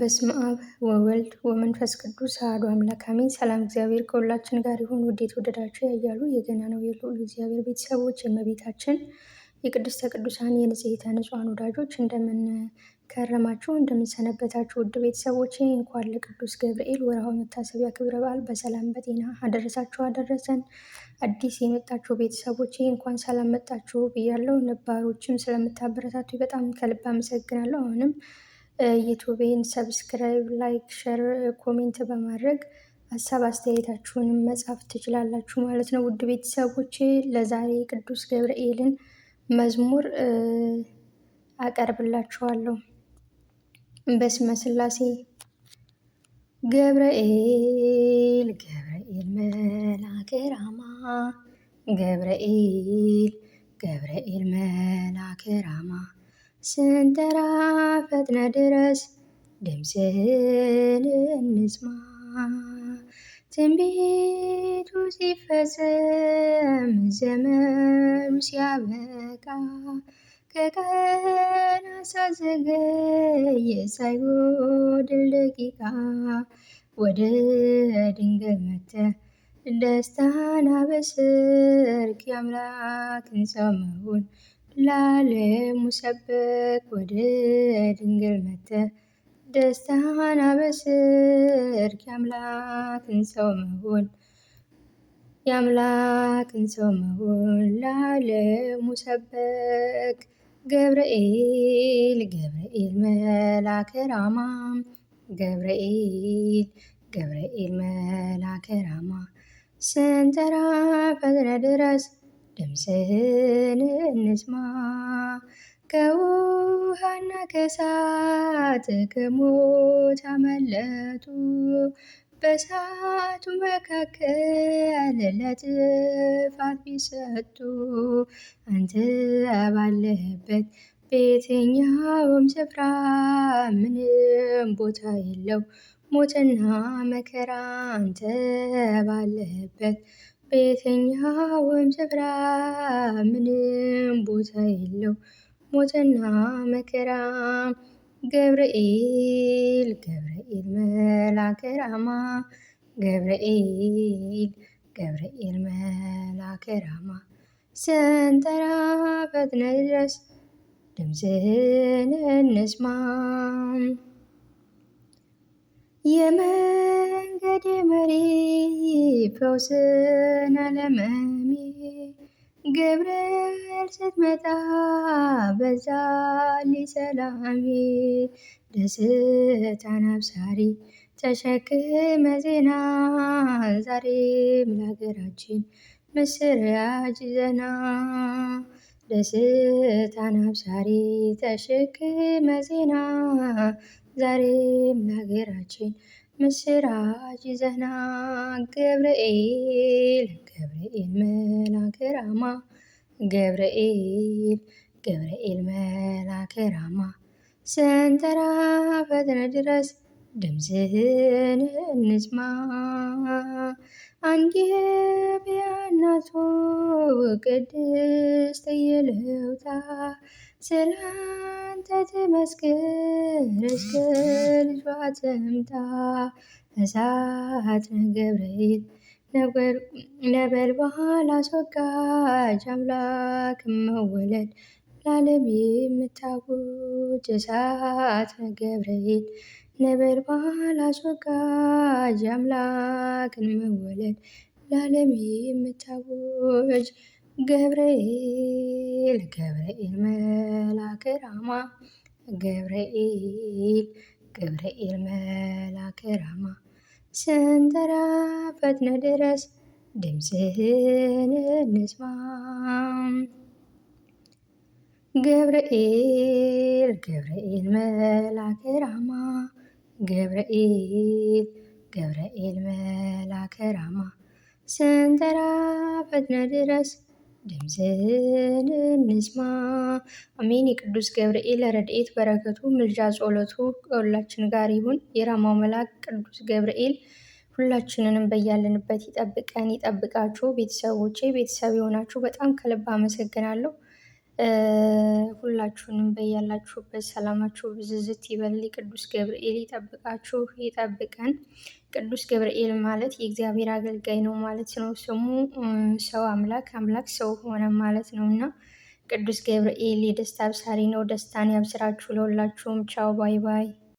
በስመ አብ ወወልድ ወመንፈስ ቅዱስ አሐዱ አምላክ አሜን። ሰላም እግዚአብሔር ከሁላችን ጋር ይሁን። ውድ የተወደዳችሁ ያያሉ የገና ነው የልዑል እግዚአብሔር ቤተሰቦች የእመቤታችን የቅድስተ ቅዱሳን የንጽሕተ ንጹሐን ወዳጆች እንደምን ከረማችሁ እንደምንሰነበታችሁ ውድ ቤተሰቦች፣ እንኳን ለቅዱስ ገብርኤል ወርሃዊ መታሰቢያ ክብረ በዓል በሰላም በጤና አደረሳችሁ አደረሰን። አዲስ የመጣችሁ ቤተሰቦች እንኳን ሰላም መጣችሁ ብያለሁ። ነባሮችም ስለምታበረታቱ በጣም ከልብ አመሰግናለሁ። አሁንም ዩቱቤን ሰብስክራይብ፣ ላይክ፣ ሸር፣ ኮሜንት በማድረግ ሀሳብ አስተያየታችሁንም መጻፍ ትችላላችሁ ማለት ነው። ውድ ቤተሰቦቼ ለዛሬ ቅዱስ ገብርኤልን መዝሙር አቀርብላችኋለሁ። በስመ ስላሴ ገብርኤል ገብርኤል መልአከ ራማ ገብርኤል ገብርኤል መልአከ ራማ ስንጠራ ፈጥነ ድረስ ድምፅህን እንስማ ትንቢቱ ሲፈጸም ዘመኑ ሲያበቃ ከቀን ሳዘገየ ሳይጎድል ደቂቃ ወደ ድንገት መተ ደስታና አበስርክ የአምላክን ሰው መሆን ለዓለሙ ሰበክ ወደ ድንግል መተ ደስታን አበስርክ የአምላክን ሰው መሆን የአምላክን ሰው መሆን ለዓለሙ ሰበክ ገብርኤል ገብርኤል መላከ ራማ ገብርኤል ገብርኤል መላከ ራማ ስንጠራ ፈጥነ ድረስ ድምፅህን እንስማ ከውሃና ከሳት ከሞት አመለጡ በሳቱ መካከል ለጥፋት ቢሰጡ አንተ ባለህበት በየትኛውም ስፍራ ምንም ቦታ የለው ሞትና መከራ አንተ ባለህበት በየትኛውም ስፍራ ምንም ቦታ የለው ሞትና መከራ። ገብርኤል ገብርኤል መልአከ ራማ ገብርኤል ገብርኤል መልአከ ራማ ስንጠራ ፈጥነ ድረስ ድምፅህን እንስማ የመ መንገድ መሪ ፈውስን አለመሚ ገብርኤል ስትመጣ በዛሊ ሰላሚ ደስታን አብሳሪ ተሸክመ ዜና ዛሬም ለሀገራችን ምስራች ዜና ደስታን አብሳሪ ተሸክመ ዜና ዛሬም ለሀገራችን ምስራች ዘና ገብርኤል ገብርኤል መላከራማ ገብረኤል ገብርኤል ገብርኤል መልአከ ራማ ስንጠራ ፈጥነ ድረስ ድምፅህን እንስማ አንጌ ቅድስት እየልውታ ስላንተ ትመስክር እስከ ልጇ ትምጣ እሳት ገብርኤል ነበልባል አስወጋጅ አምላክ መወለድ ለዓለም የምታውጅ እሳት ገብርኤል ነበልባል አስወጋጅ አምላክን መወለድ ለዓለም የምታወጅ ገብርኤል ገብርኤል መላከ ራማ ገብርኤል ገብርኤል መላከ ራማ ስንጠራ ፈጥነ ድረስ ድምፅህን እንስማ። ገብርኤል ገብርኤል መላከ ራማ ገብርኤል ገብርኤል መላከ ራማ ስንጠራ ፈጥነ ድረስ ድምፅህን እንስማ። አሜን። የቅዱስ ገብርኤል ረድኤት በረከቱ ምልጃ ጸሎቱ ከሁላችን ጋር ይሁን። የራማው መልአክ ቅዱስ ገብርኤል ሁላችንንም በያለንበት ይጠብቀን ይጠብቃችሁ። ቤተሰቦቼ ቤተሰብ የሆናችሁ በጣም ከልብ አመሰግናለሁ። ሁላችሁንም በያላችሁበት ሰላማችሁ ብዝዝት ይበል። ቅዱስ ገብርኤል ይጠብቃችሁ ይጠብቀን። ቅዱስ ገብርኤል ማለት የእግዚአብሔር አገልጋይ ነው ማለት ነው። ስሙ ሰው አምላክ አምላክ ሰው ሆነ ማለት ነው እና ቅዱስ ገብርኤል የደስታ አብሳሪ ነው። ደስታን ያብስራችሁ ለሁላችሁም። ቻው ባይ ባይ።